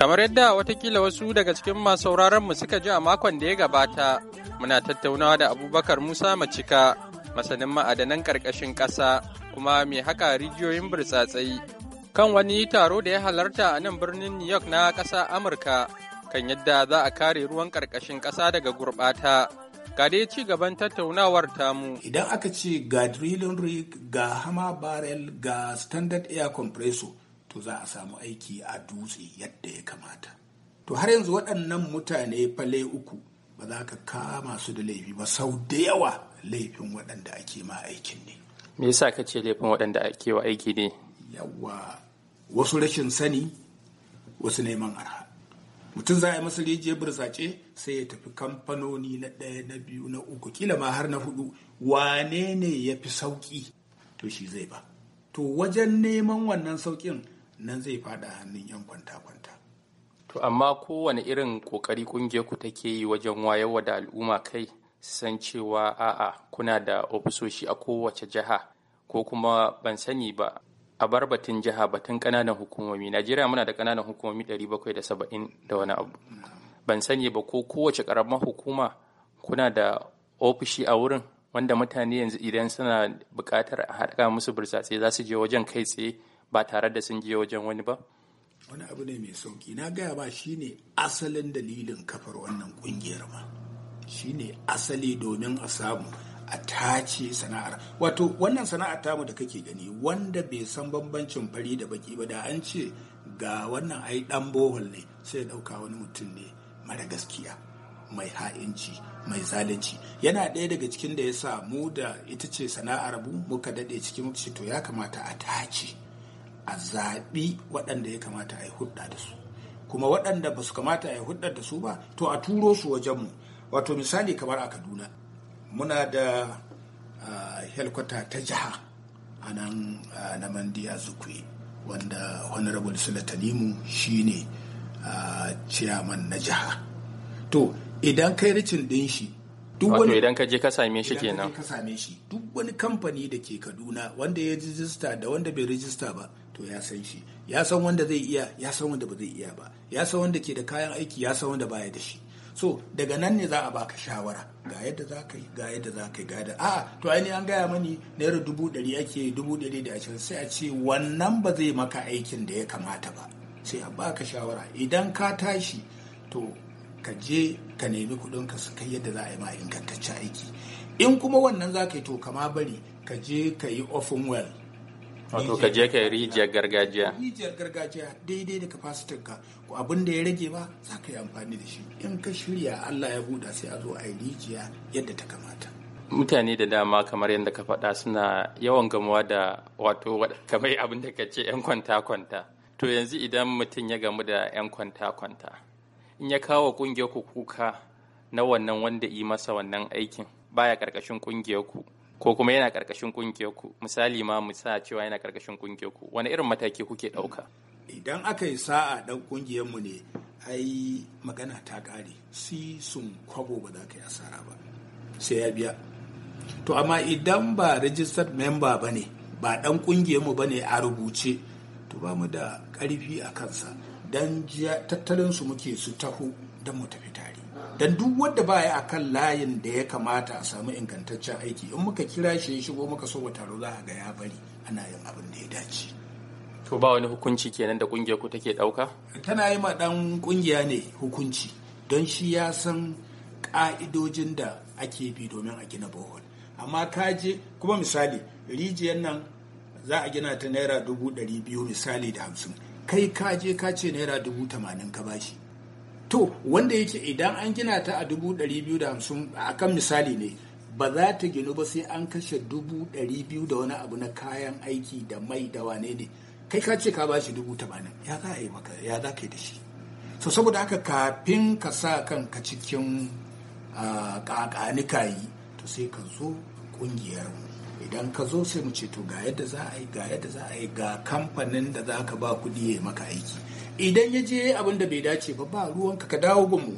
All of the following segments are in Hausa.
Kamar yadda watakila wasu daga cikin masu sauraron mu suka ji a makon da ya gabata, muna tattaunawa da Abubakar Musa Macika, masanin ma'adanan ƙarƙashin ƙasa, kuma mai haka rijiyoyin burtsatsai, kan wani taro da ya halarta a nan birnin New York na ƙasa Amurka, kan yadda za a kare ruwan ƙarƙashin ƙasa daga gurɓata. ga dai ci gaban tattaunawar tamu. Idan aka ce ga drilling rig ga hammer barrel ga standard air compressor to za a samu aiki a dutse yadda ya kamata to har yanzu waɗannan mutane fale uku ba za ka kama su da laifi ba sau da yawa laifin waɗanda ake ma aikin ne me yasa ka ce laifin waɗanda ake wa aiki ne yawa wasu rashin sani wasu neman arha mutum za a yi masa rijiyar burtsace sai ya tafi kamfanoni na ɗaya na biyu na uku kila ma har na hudu wane ne ya fi sauƙi to shi zai ba to wajen neman wannan sauƙin nan zai fada hannun 'yan kwanta-kwanta. To amma kowane irin kokari kungiyar ku take yi wajen wayar da al'umma kai san cewa a'a kuna da ofisoshi a kowace jiha ko kuma ban sani ba a bar batun jiha batun kananan hukumomi najeriya muna da kananan hukumomi 770 da wani abu ban sani ba ko kowace karamar hukuma kuna da ofishi a wurin wanda mutane yanzu idan suna bukatar a haɗa musu burtsatse za su je wajen kai tsaye ba tare da sun je wajen wani ba wani abu ne mai sauki na gaya ba shine asalin dalilin kafar wannan kungiyar ma Shi ne asali domin a samu a tace sana'ar wato wannan sana'ar tamu da kake gani wanda bai san bambancin fari da baki ba da an ce ga wannan ai dan bohol ne sai dauka wani mutum ne mara gaskiya mai ha'inci mai zalunci yana ɗaya daga cikin da ya sa mu da ita ce sana'ar mu muka daɗe cikin to ya kamata a tace a zaɓi waɗanda ya kamata a yi hudda da su kuma waɗanda ba su kamata a yi hudda da su ba to a turo su wajenmu wato misali kamar a kaduna muna da helkwata ta jiha a nan na mandiya zukwe wanda honorable sulatanimu shi ne ciyaman na jiha to idan kai ricin ɗin shi wato idan ka je ka same shi kenan ka same shi duk wani kamfani da ke Kaduna wanda ya rijista da wanda bai rijista ba to ya san shi ya san wanda zai iya ya san wanda ba zai iya ba ya san wanda ke da kayan aiki ya san wanda baya da shi so daga nan ne za a baka shawara ga yadda za ka yi ga yadda za ka yi ga yadda a'a to ainihin an gaya mani naira dubu ɗari ake dubu ɗari da ashirin sai a ce wannan ba zai maka aikin da ya kamata ba sai a baka shawara idan ka tashi to ka je ka nemi kuɗin ka su kai yadda za a yi ma ingantaccen aiki in kuma wannan za ka yi to kama bari ka je ka yi ofin well wato ka je ka rijiyar gargajiya rijiyar gargajiya daidai da kapasitin ka ko abin da ya rage ba za ka yi amfani da shi in ka shirya Allah ya buɗa sai a zo a yi rijiya yadda ta kamata mutane da dama kamar yadda ka faɗa suna yawan gamuwa da wato kamar abin da ka ce 'yan kwanta-kwanta to yanzu idan mutum ya gamu da 'yan kwanta-kwanta in ya kawo ƙungiyar ku kuka na wannan wanda yi masa wannan aikin baya ƙarƙashin ƙungiyar ku ko kuma yana karkashin kungiyar ku misali ma mu sa cewa yana karkashin kungiyar ku wani irin mataki kuke dauka idan aka yi sa'a dan kungiyar mu ne ai magana ta kare si sun kwabo ba za ka yi asara ba sai ya biya to amma idan ba registered member ba ne ba dan kungiyar mu ba ne a rubuce to ba mu da karfi a kansa dan tattalin su muke su taho dan mu tafi tare Dan duk wanda ba ya akan layin da ya kamata a samu ingantaccen aiki in muka kira shi ya shigo muka so wa taro za a ga ya bari ana yin abin da ya dace to ba wani hukunci kenan da kungiyar ku take dauka tana yi ma dan kungiya ne hukunci don shi ya san ka'idojin da ake bi domin a gina bohol amma ka je kuma misali rijiyar nan za a gina ta naira dubu ɗari biyu misali da hamsin kai ka je ka ce naira dubu tamanin ka bashi to wanda yake idan an gina ta a dubu biyu a kan misali ne ba za ta ginu ba sai an kashe dubu da wani abu na kayan aiki da mai da wane ne kai ka ce ka ba shi dubu ya za a yi maka ya za ka yi da shi so saboda haka kafin ka sa kanka cikin kakanika yi to sai ka zo ƙungiyar idan ka zo sai mu ce to ga yadda za a yi ga yadda za a yi ga kamfanin da za ka ba kuɗi ya maka aiki idan ya je abin da bai dace ba ba ruwan ka dawo mu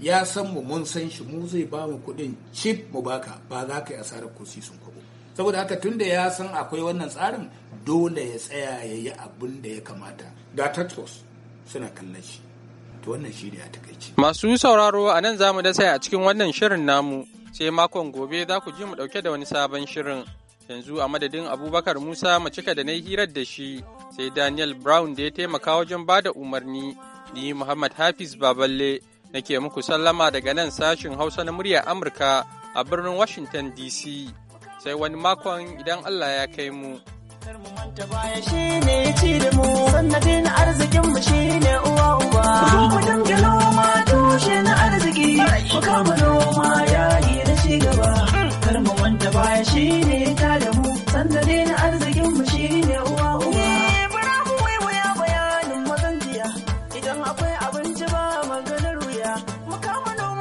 ya san mu mun san shi mu zai ba mu kuɗin chip mu baka ba za ka yi asarar ko sun kwabo saboda haka tunda ya san akwai wannan tsarin dole ya tsaya ya yi abin da ya kamata ga tatros suna kallon shi to wannan shi ne a takaici masu sauraro a nan zamu da saya a cikin wannan shirin namu sai makon gobe za ku ji mu dauke da wani sabon shirin yanzu a madadin abubakar musa mu cika da na hirar da shi sai Daniel Brown da ya taimaka wajen ba da umarni, ni Muhammad Hafiz Baballe nake muku sallama daga nan sashin Hausa na murya Amurka a birnin Washington DC. Sai wani makon idan Allah ya kai mu. Shine.